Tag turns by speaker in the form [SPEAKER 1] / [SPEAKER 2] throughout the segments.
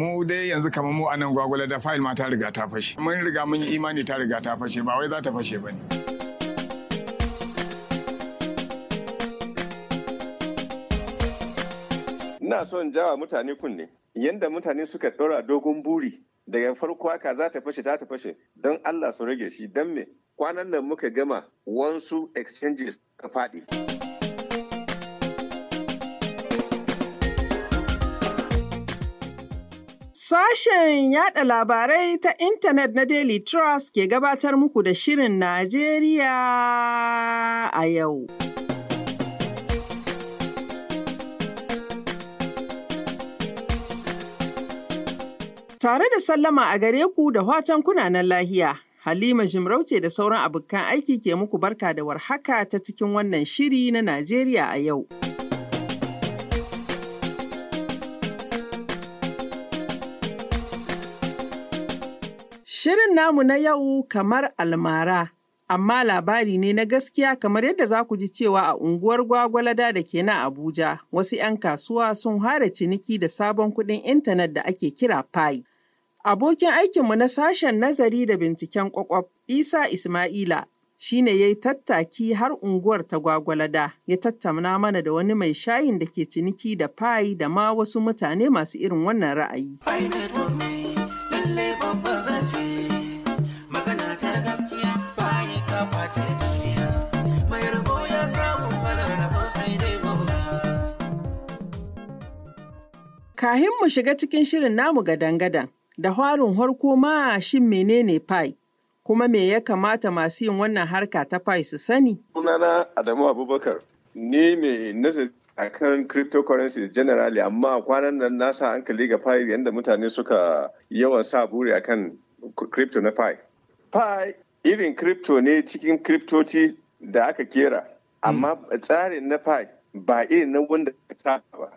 [SPEAKER 1] mu dai yanzu kamar mu anan nan gwagwala da fayil ma ta riga ta fashe mun riga mun yi imani ta riga ta fashe ba wai za ta fashe bane ne.
[SPEAKER 2] ina son jawa mutane kunne yanda mutane suka ɗora dogon buri daga farko haka za ta fashe ta ta fashe don Allah su rage shi don me kwanan nan muka gama wasu exchanges ka faɗi.
[SPEAKER 3] Sashen yada labarai ta intanet na Daily Trust ke gabatar muku da Shirin Najeriya a yau. Tare da sallama a gare ku da watan kunanan lahiya, Halima Jimarauce da sauran abokan aiki ke muku barka da warhaka ta cikin wannan shiri na Najeriya a yau. Shirin namu na yau kamar almara, amma labari ne na gaskiya kamar yadda za ku ji cewa a unguwar Gwagwalada da ke na Abuja, wasu 'yan kasuwa sun hara ciniki da sabon kuɗin intanet da ake kira Pi. Abokin aikinmu na sashen nazari da binciken kwakwaf Isa Ismaila shi ne ya yi tattaki har unguwar ta Gwagwalada, ya tattauna mana da wani mai shayin da ke ciniki da Pi da ma wasu mutane masu irin wannan ra'ayi. Kahin mu shiga cikin shirin namu gadan-gadan, da hwarin harko ma shin menene fai, Kuma me ya kamata masu yin wannan harka ta fai su sani?
[SPEAKER 2] Sunana Adamu Abubakar ne mai nazari a kan cryptocurrencies generally amma kwanan nan nasa sa hankali ga fai yadda mutane suka yawan sa buri akan crypto na fai. Fai irin crypto ne cikin cryptoci da aka kera hmm. amma tsarin na fai ba irin na wanda ta ba.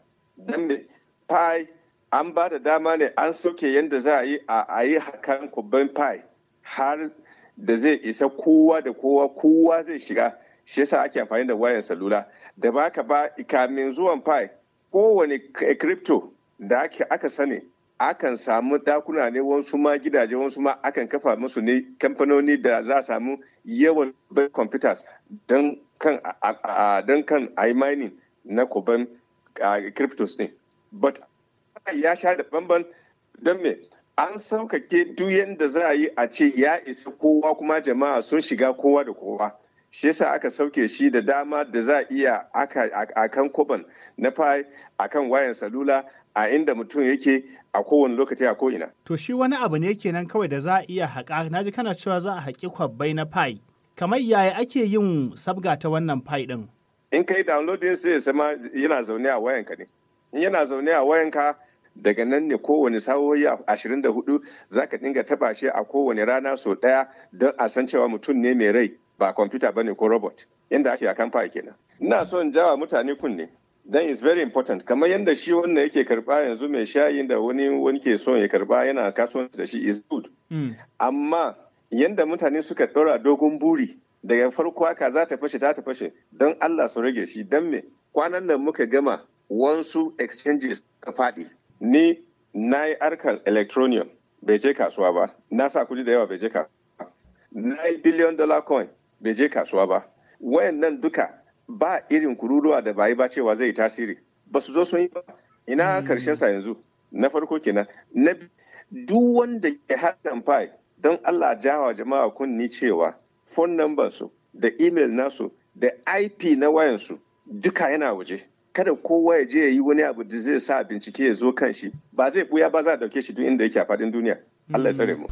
[SPEAKER 2] pie an ba da dama ne an soke yadda za a yi a ayi hakan kubban pie har da zai isa kowa da kowa kowa zai shiga shi yasa ake amfani da wayan salula da ba ka ba kamin zuwan pie kowane crypto da aka sani akan samu dakuna ne wasu ma gidaje wasu ma akan kafa musu ne kamfanoni da za a samu yawan computers don kan a yi mining na kuban cryptos ne. but ya sha da bamban don me an sauƙaƙe duk yadda za a yi a ce ya isa kowa kuma jama'a sun shiga kowa da kowa shi yasa aka sauke shi da dama da za a iya a kan kuban na fai a kan wayan salula a inda mutum yake a kowane lokaci a ko'ina.
[SPEAKER 4] To shi wani abu ne kenan kawai da za a iya haƙa na ji kana cewa za a haƙi kwabbai na fai kamar yaya ake yin sabga ta wannan fai ɗin.
[SPEAKER 2] In kai downloading sai ya sama yana zaune a wayanka ne. yana zaune a wayanka daga nan ne kowane sa'o'i 24 za ka dinga taba shi a kowane rana sau daya don a san cewa mutum ne mai rai ba kwamfuta ba ne ko robot yadda ake a kamfa kenan ina son jawa mutane kunne don is very important kamar yadda shi wanda yake karba yanzu mai shayin da wani wani ke son ya karba yana kasuwanci da shi is good hmm. amma yadda mutane suka dora dogon buri daga farko haka za ta fashe ta ta fashe don Allah su rage shi don me kwanan nan muka gama wansu exchanges ta faɗi ni na yi arkan electronium bai je kasuwa ba na sa kudi da yawa bai je kasuwa na yi billion dollar coin bai je kasuwa ba wayan nan duka ba irin kururuwa da bayi ba cewa zai yi tasiri ba su zo sun yi ba ina hmm. karshen sa yanzu na farko kenan na duk wanda ya haɗin fai don Allah jawa jama'a kunni cewa phone number su da email nasu da IP na wayansu duka yana waje kada kowa ya je ya yi wani abu da zai sa bincike ya zo kan shi ba zai buya ba za a dauke shi duk inda yake a faɗin duniya Allah ya tsare mu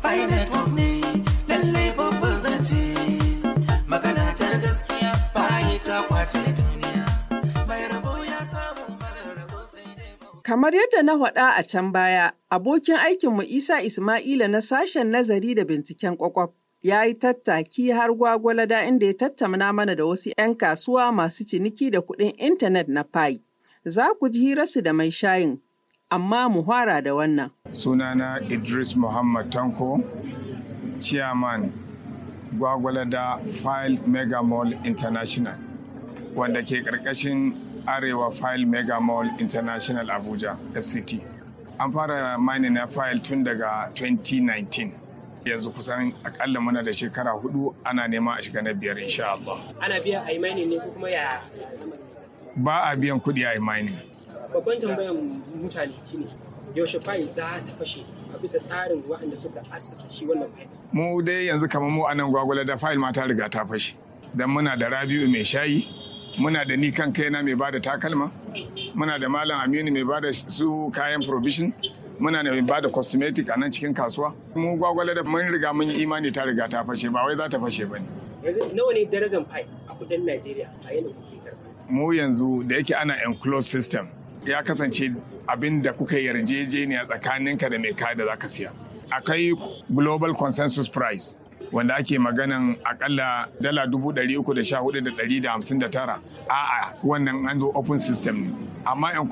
[SPEAKER 3] Kamar yadda na faɗa a can baya, abokin aikinmu Isa Ismaila na sashen nazari da binciken kwakwaf ya yi tattaki har gwagwalada inda ya tattamna mana da wasu 'yan kasuwa masu ciniki da kuɗin intanet na Pi. Za ku ji hirarsu da mai shayin, amma mu hwara da wannan.
[SPEAKER 1] Sunana Idris Muhammad Tanko, Chairman Gwagwalada File Mega Mall International, wanda ke ƙarƙashin Arewa File Mega Mall International Abuja, FCT. An fara mining na file tun daga 2019. yanzu kusan akalla muna da shekara hudu ana nema a shiga na biyar insha Allah.
[SPEAKER 5] Ana biya a imani ne ko kuma ya?
[SPEAKER 1] Ba a biyan kuɗi a imani.
[SPEAKER 5] Babban tambayan mutane shine yaushe fayi za ta fashe a bisa tsarin wa'anda suka
[SPEAKER 1] assasa shi wannan fayi. Mu dai yanzu kamar mu a nan gwagwala da fayil ma ta riga ta fashe. Dan muna da Rabi'u mai shayi, muna da ni kan kaina mai bada takalma, muna da Malam Aminu mai bada su kayan provision, muna ne ba da cosmetic a nan cikin kasuwa mu gwagwale da mun riga mun yi imani ta riga ta fashe ba wai za ta fashe ba ne
[SPEAKER 5] yanzu nawa ne darajar fai
[SPEAKER 1] a kudin najeriya a yanayin kuke karɓa mu yanzu da yake ana enclosed system ya kasance abin da kuka yarjejeniya tsakaninka da mai kada za ka siya akwai global consensus price wanda ake maganan akalla dala dubu ɗari uku da sha hudu da ɗari da hamsin da tara a'a wannan an zo open system ne amma in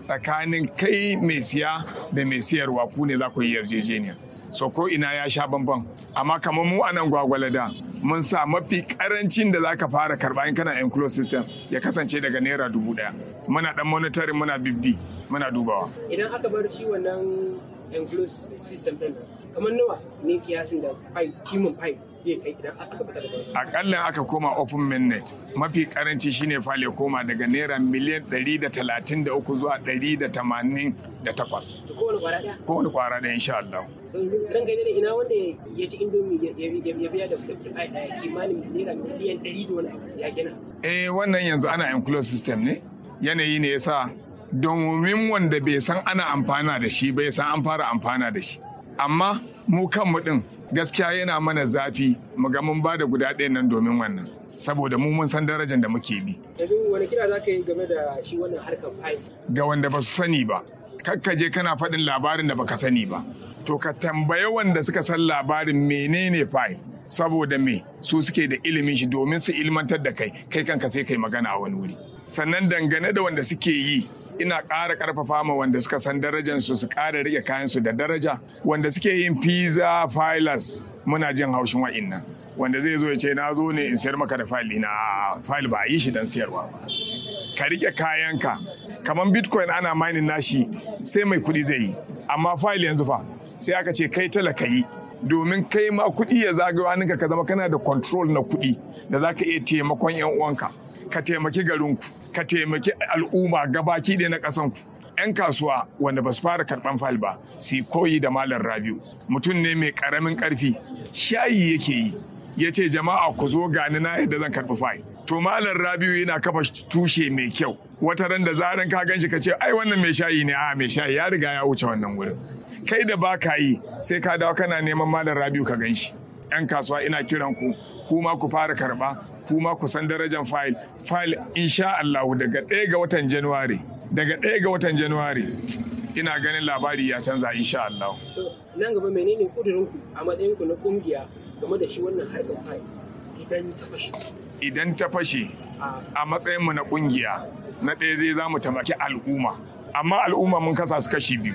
[SPEAKER 1] tsakanin kai mai siya da mai siyarwa ku ne za ku yi yarjejeniya so ko ina ya sha bambam amma kamar mu anan nan gwagwalada mun sa mafi karancin da zaka fara karba in kana enclosed system ya kasance daga naira dubu daya muna dan monitoring muna bibbi muna dubawa
[SPEAKER 5] idan aka bar ciwon nan enclosed system din kamar nawa ne kiyasin da fai kimin fai zai kai idan aka fita daga
[SPEAKER 1] akalla aka koma open mainnet mafi karanci shine fal koma daga naira miliyan 133 zuwa 188 da takwas kowane kwara daya kowane kwara daya insha Allah
[SPEAKER 5] ran kai ne ina wanda ya ci indomie ya biya da fai daya kimanin naira miliyan 100 da wani abu ya kenan
[SPEAKER 1] eh wannan yanzu ana enclosed system ne yanayi ne ya sa domin wanda bai san ana amfana da shi bai san an fara amfana da shi amma mu kanmu ɗin gaskiya yana mana zafi mu ga mun ba guda ɗaya nan domin wannan saboda mu mun san darajar da muke bi.
[SPEAKER 5] Yanzu wani kira za ka yi game da shi wannan harkar fai.
[SPEAKER 1] Ga wanda ba su sani ba, kakka je kana faɗin labarin da baka sani ba. To ka tambaye wanda suka san labarin menene fai Saboda me su suke da ilimin shi domin su ilmantar da kai, kai kanka sai kai magana a wani wuri. Sannan dangane da wanda suke yi ina ƙara ƙarfafa ma wanda suka san darajar su su ƙara rike kayan su da daraja wanda suke yin pizza filers muna jin haushin wa'innan wanda zai zo ya ce na zo ne in sayar maka da file na file ba a yi shi dan siyarwa ba ka rike ka kamar bitcoin ana mining nashi sai mai kuɗi zai yi amma file yanzu fa sai aka ce kai ka yi domin kai ma kuɗi ya zagayo hannunka ka zama kana da control na kuɗi da za ka iya taimakon 'yan uwanka. ka taimaki garinku ka taimaki al'umma gabaki da na kasan ƙasanku 'yan kasuwa wanda ba su fara karban fal ba su koyi da malam rabiu mutum ne mai karamin karfi shayi yake yi ya ce jama'a ku zo gani na yadda zan karbi fal to malam rabiu yana kafa tushe mai kyau wata ran da zaran ka ganshi ka ce ai wannan mai shayi ne a mai shayi ya riga ya wuce wannan wurin kai da ba ka yi sai ka dawo kana neman malam rabiu ka ganshi 'yan kasuwa ina kiran ku kuma ku fara karba kuma ku san darajar fayil fayil insha Allah daga ɗaya ga watan Januwari daga ɗaya ga watan Januwari ina ganin labari ya canza insha Allah
[SPEAKER 5] nan gaba menene kudurinku a matsayinku na kungiya game da shi wannan harkar fayil idan ta fashe
[SPEAKER 1] idan ta fashe ah. a matsayinmu na kungiya na ɗaya zai za mu taimaki al'umma amma al'umma mun kasa su kashi biyu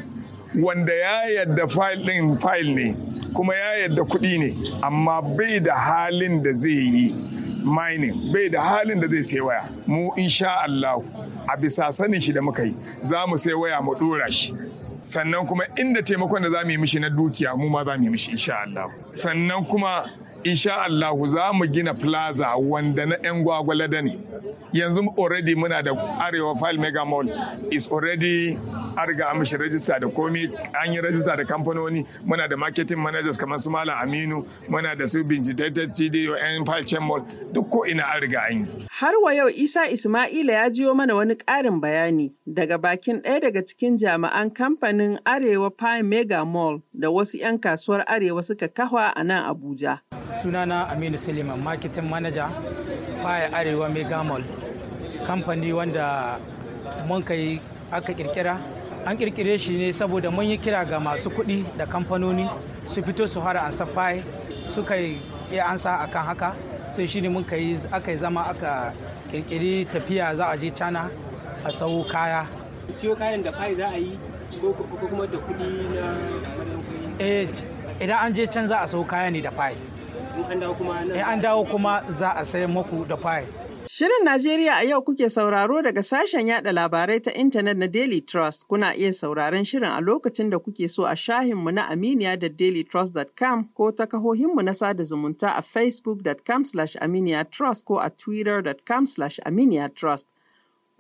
[SPEAKER 1] wanda ya yadda fayil ɗin fayil ne kuma ya yadda kuɗi ne amma bai da halin da zai yi mining bai da halin da zai sai waya mu insha Allah a bisa sanin shi da muka yi za mu sai waya mu dora shi sannan kuma inda taimakon da za mu yi mishi na dukiya mu ma za mu yi mishi insha Allah sannan kuma insha Allah za mu gina plaza wanda na 'yan gwagwalada ne yanzu already muna da arewa file mega mall is already an riga an mishi da komi an yi register da kamfanoni muna da marketing managers kamar su malam aminu muna da su bincitaittar cdo yan file chain mall duk ko ina an riga
[SPEAKER 3] an yi. har wa yau isa ismaila ya jiyo mana wani ƙarin bayani daga bakin ɗaya daga cikin jami'an kamfanin arewa file mega mall da wasu 'yan kasuwar arewa suka kafa a nan abuja sunana aminu suleiman marketing manager fire
[SPEAKER 5] arewa megamall kamfani wanda mun kai aka kirkira an kirkire shi ne saboda mun yi kira ga masu kuɗi da kamfanoni su fito su hara an safai suka yi ansa akan haka sai shi ne mun kai aka zama aka kirkiri tafiya za a je cana a sau kaya siyo kayan da fai za a yi ko kuma da kuɗi na Eh, idan an je can za a sau kaya ne da fai an dawo kuma za a sai maku da fai
[SPEAKER 3] Shirin Najeriya a yau kuke sauraro daga sashen yada labarai ta intanet na Daily Trust. Kuna iya sauraron shirin a lokacin da kuke so a shahinmu na Aminiya da dailytrust.com ko ta kahohinmu na sada zumunta a facebook.com/aminiya trust ko a twitter.com/aminiya trust.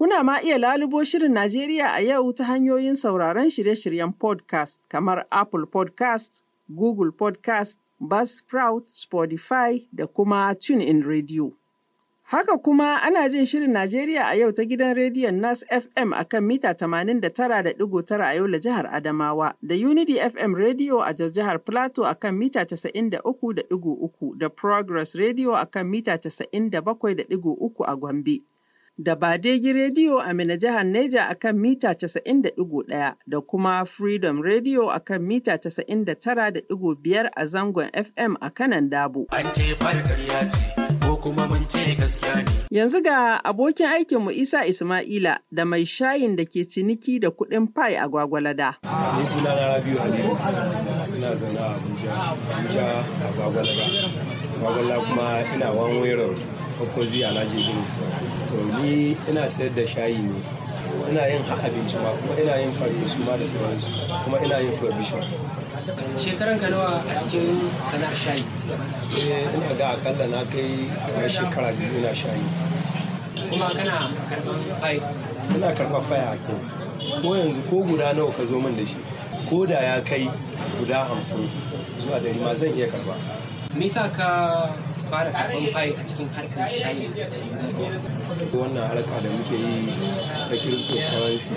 [SPEAKER 3] Kuna ma iya lalubo Shirin Najeriya a yau ta hanyoyin sauraron shirye-shiryen podcast kamar Apple podcast, Google podcast, Buzzsprout, Spotify da kuma TuneIn Radio. Haka kuma ana jin Shirin Najeriya a yau ta gidan rediyon Nas FM a kan mita 89.9 a yau da jihar Adamawa, da Unity FM Radio a jihar Plateau a kan mita 93.3 da Progress Radio a kan mita 97.3 a Gombe. da Badegi Radio a Mina jihar Neja a kan mita 90.1 da kuma Freedom Radio a kan mita 99.5 a zangon FM a kanan Dabo.
[SPEAKER 4] An ce ko kuma mun ce gaskiya
[SPEAKER 3] ne. Yanzu ga abokin aikinmu Isa Ismaila da mai shayin da ke ciniki da kuɗin fai a Gwagwalada.
[SPEAKER 4] Ni suna na Rabiu Halilu. Ina zana a Abuja, Abuja a Gwagwalada. Gwagwalada kuma ina wani road. fakozi alhaji idris to ni ina sayar da shayi ne ina yin har abinci ma kuma ina yin su ma da sauransu kuma ina yin provision shekaran ka nawa a cikin sana'ar shayi eh, ina da akalla na kai kamar shekara biyu ina shayi
[SPEAKER 5] kuma kana karban
[SPEAKER 4] fai ina karban fai a kin ko yanzu ko guda nawa ka zo min da shi ko da ya kai guda hamsin zuwa dari ma zan iya karba
[SPEAKER 5] me yasa ka fara karban fayi a cikin harkar shayi
[SPEAKER 4] wannan harka da muke yi ta cryptocurrency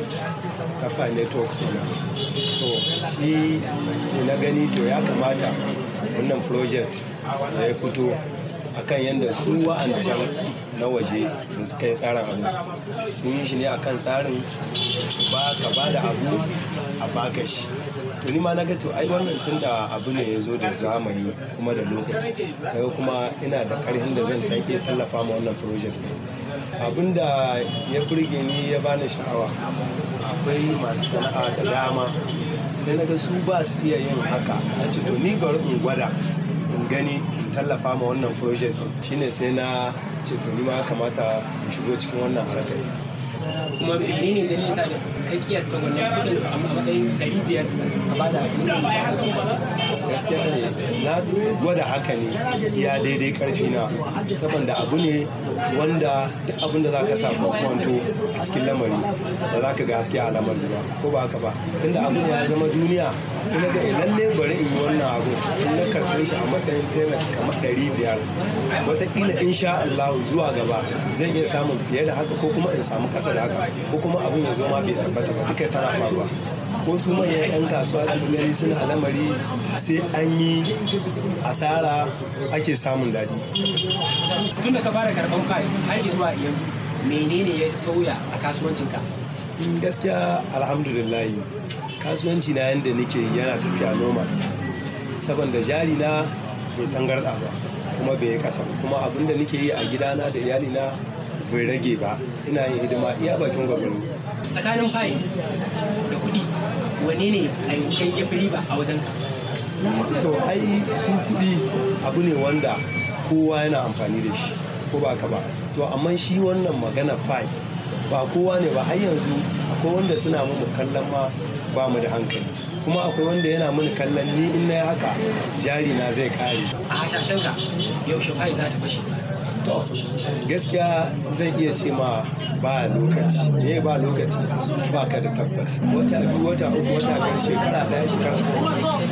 [SPEAKER 4] ta fi network kuma to shi na gani to ya kamata wannan project da ya fito akan yadda su wa'ancan na waje da suka yi tsarin abu sun yi shi ne akan tsarin su ba ka ba da abu a baka shi to ni ma na ga to ai wannan tunda abu ne ya zo da zamani kuma da lokaci kai kuma ina da karhin da zan dan iya tallafa ma wannan project abin da ya burge ni ya bani sha'awa akwai masu sana'a da dama sai na ga su ba su iya yin haka na ce to ni bari in gwada in gani in tallafa ma wannan project shine sai na ce to ni ma kamata in shigo cikin wannan harkar
[SPEAKER 5] kuma menene da nisa da ka kiyasta wannan kudin a matsayin ɗari ne
[SPEAKER 4] na gwada haka ne ya daidai karfi na saboda abu ne wanda duk abin da za ka sa kwanto a cikin lamari ba za ka ga haske a lamari ba ko ba haka ba tunda abu ya zama duniya sai na ga eh, lalle bari in yi wannan abu in na karɓe shi a matsayin payment kamar ɗari biyar wataƙila in sha Allah zuwa gaba zan iya samun fiye da haka ko kuma in samu ƙasa da haka ko kuma abin ya zo ma bai tabbata ba duka tana faruwa wasu manyan 'yan kasuwa da gari suna lamari sai an yi asara ake samun daɗi
[SPEAKER 5] tun da ka fara karɓan kai
[SPEAKER 4] har zuwa yanzu menene ya sauya a kasuwancinka gaskiya alhamdulillah kasuwanci na yadda nake yana tafiya normal saboda jari na bai tangarda ba kuma bai yi kasa kuma abinda nake yi a gidana da iyalina bai rage ba ina yin hidima iya bakin gwagwaro
[SPEAKER 5] tsakanin fayi da
[SPEAKER 4] kuɗi wane ne a yankan ya fi riba a wajen ka. to ai su kuɗi abu ne wanda kowa yana amfani da shi ko ba ka ba to amma shi wannan magana fayi ba kowa ne ba har yanzu akwai wanda suna mu kallon ma ba mu da hankali kuma akwai wanda yana mini kallon ni in na haka jari na zai kare a ka, yaushe fayi za ta fashe to gaskiya zai iya ce ma ba lokaci ne ba lokaci ba ka da tabbas wata biyu wata uku wata biyar shekara ɗaya shekara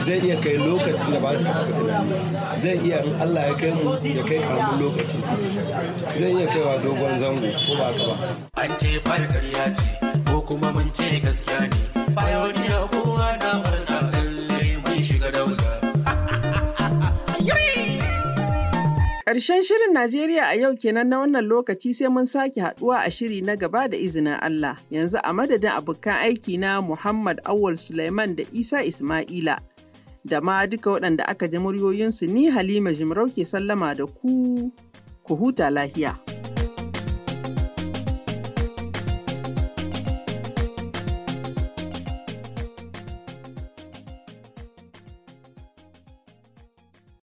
[SPEAKER 4] zai iya kai lokacin da ba ka taɓa tunani zai iya in Allah ya kai mu ya kai karamin lokaci zai iya kaiwa dogon zango ko ba ka ba an ce farkar ya ce ko kuma mun ce gaskiya ne bayoniya kowa na
[SPEAKER 3] Karshen shirin Najeriya a yau kenan na wannan lokaci sai mun sake haduwa a shiri na gaba da izinin Allah. Yanzu a madadin abokan aiki na Muhammad Awul Suleiman da Isa Ismaila. Da ma duka waɗanda aka ji muryoyinsu ni Halima Jimarau ke sallama da ku, ku huta lahiya.